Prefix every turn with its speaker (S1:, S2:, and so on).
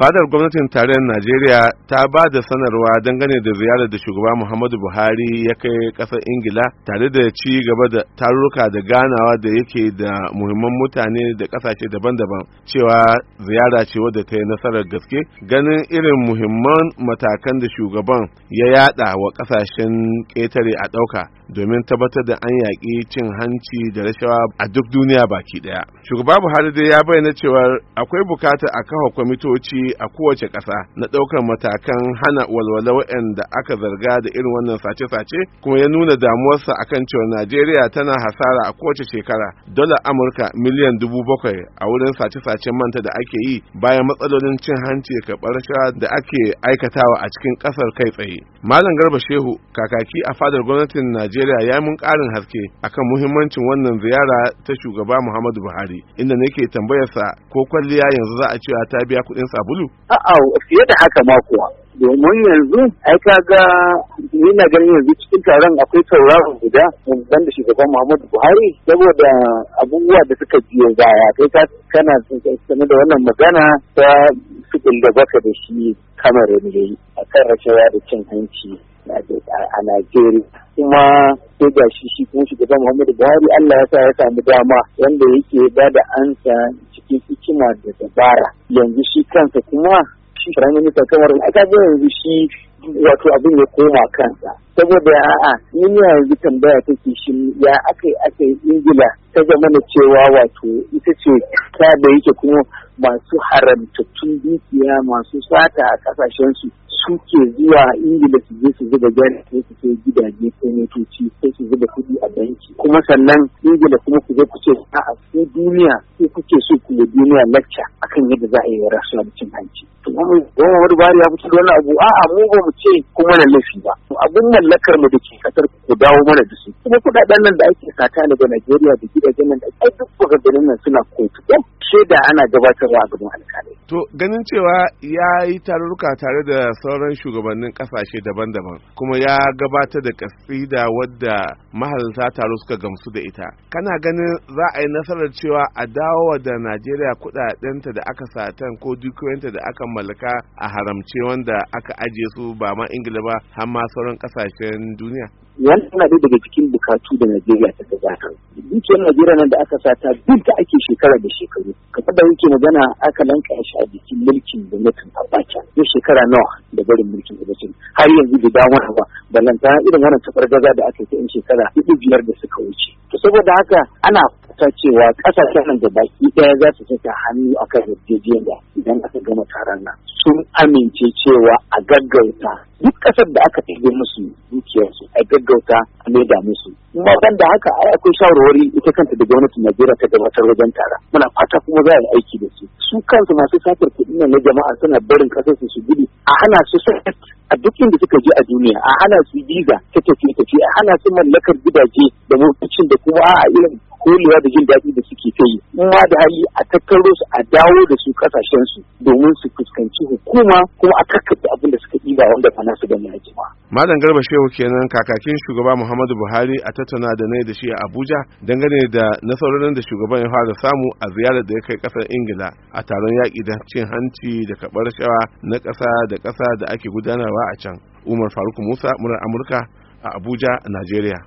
S1: fadar gwamnatin tarayyar najeriya ta ba da sanarwa dangane da ziyarar da shugaba muhammadu buhari ya kai kasar ingila tare da ci gaba da tarurruka da ganawa da yake da muhimman mutane da kasashe daban-daban cewa ziyara ce wadda ta yi nasarar gaske ganin irin muhimman matakan da shugaban ya yada wa kasashen ƙetare a ɗauka domin tabbatar da an yaƙi cin hanci da rashawa a duk duniya baki ɗaya. Shugaba Buhari dai ya bayyana cewa akwai bukata a kafa kwamitoci a kowace ƙasa na ɗaukar matakan hana walwala waɗanda aka zarga da irin wannan sace-sace kuma ya nuna damuwarsa akan cewa Najeriya tana hasara a kowace shekara dala Amurka miliyan dubu bakwai a wurin sace-sacen manta da ake yi bayan matsalolin cin hanci da karɓar rashawa da ake aikatawa a cikin ƙasar kai tsaye. Malam Garba Shehu kakaki a fadar gwamnatin Najeriya Najeriya ya mun karin haske akan muhimmancin wannan ziyara ta shugaba Muhammadu Buhari inda nake tambayarsa ko kwalliya yanzu za a cewa ta biya kuɗin sabulu? A'a fiye da haka ma kuwa.
S2: domin yanzu
S1: ai ka ni na
S2: ganin yanzu cikin taron akwai tauraron guda ban da shugaban Muhammadu Buhari saboda abubuwa da suka biyo baya kai ka kana sanar da wannan magana ta sukul da baka da shi kamar ne kan rashawa da cin hanci a Najeriya kuma sai ga shi shi kuma shugaban Muhammadu Buhari Allah ya sa ya samu dama wanda yake ba da ansa cikin hikima da dabara yanzu shi kansa kuma shi firaminista kamar aka yanzu shi wato abin ya koma kansa saboda a'a ni yanzu tambaya ta ke shi ya aka yi aka yi ingila ta zama na cewa wato ita ce ta da yake kuma masu haramtattun dukiya masu sata a kasashen su suke zuwa ingila su je su zuba jari ko su ke gidaje ko motoci ko su zuba kuɗi a banki kuma sannan ingila kuma ku zo ku ce a'a su duniya ko kuke so ku yi duniya lacca akan yadda za a yi rasuwa da cin hanci. Tumamu, wani wani bari ya fito da wani abu a'a mu ba mu ku ce kuma mana laifi ba abin
S1: mallakar mu da ke kasar ku dawo mana
S2: da su kuma kuɗaɗen nan da ake sata daga Najeriya da gidajen nan da ake duk ganin nan suna kotu sheda ana gabatarwa a gaban alkali
S1: to ganin cewa ya yi tarurruka tare da sauran shugabannin kasashe daban-daban kuma ya gabatar da kasida wadda mahalarta taro suka gamsu da ita kana ganin za a yi nasarar cewa a dawo da najeriya kudadenta da aka satan ko dukiyoyinta da aka mallaka a haramce wanda aka ajiye su ba ma ingila ba har ma sauran kasashen duniya
S2: yan tana daga cikin bukatu da Najeriya ta gaza kan. Dukiyar Najeriya nan da aka sata duk da ake shekara da shekaru. Ka da yake magana aka lanka shi a jikin mulkin gwamnatin Abacha. Ya shekara nawa da barin mulkin Abacha. Har yanzu da damar ba. Balantana irin wannan gaza da aka yi ta yan shekara hudu biyar da suka wuce. To saboda haka ana ta cewa kasashen nan da baki ɗaya za su saka hannu a kan yarjejeniya idan aka gama taron nan sun amince cewa a gaggauta duk ƙasar da aka ɗage musu dukiyarsu a gaggauta a maida musu ma ban da haka ai akwai shawarwari ita kanta da gwamnati Najeriya ta gabatar wajen tara muna fata kuma za a yi aiki da su su kansu masu satar kuɗi na jama'a suna barin kasar su su gudu a hana su a duk inda suka je a duniya a hana su visa ta tafiye tafiye a hana su mallakar gidaje da motocin da kuma a irin kolewa da jin daɗi da suke kai ma da hali a tattaro su a dawo da su kasashen su domin su fuskanci hukuma kuma a kakkace abin da suka ɗiba wanda fana su da mai
S1: malam garba shehu kenan kakakin shugaba muhammadu buhari a tattauna da nai da shi a abuja dangane da nasarorin da shugaban ya fara samu a ziyarar da ya kai kasar ingila a taron yaƙi da cin hanci da kaɓar shawa na ƙasa da ƙasa da ake gudanarwa a can umar faruk musa murar amurka a abuja najeriya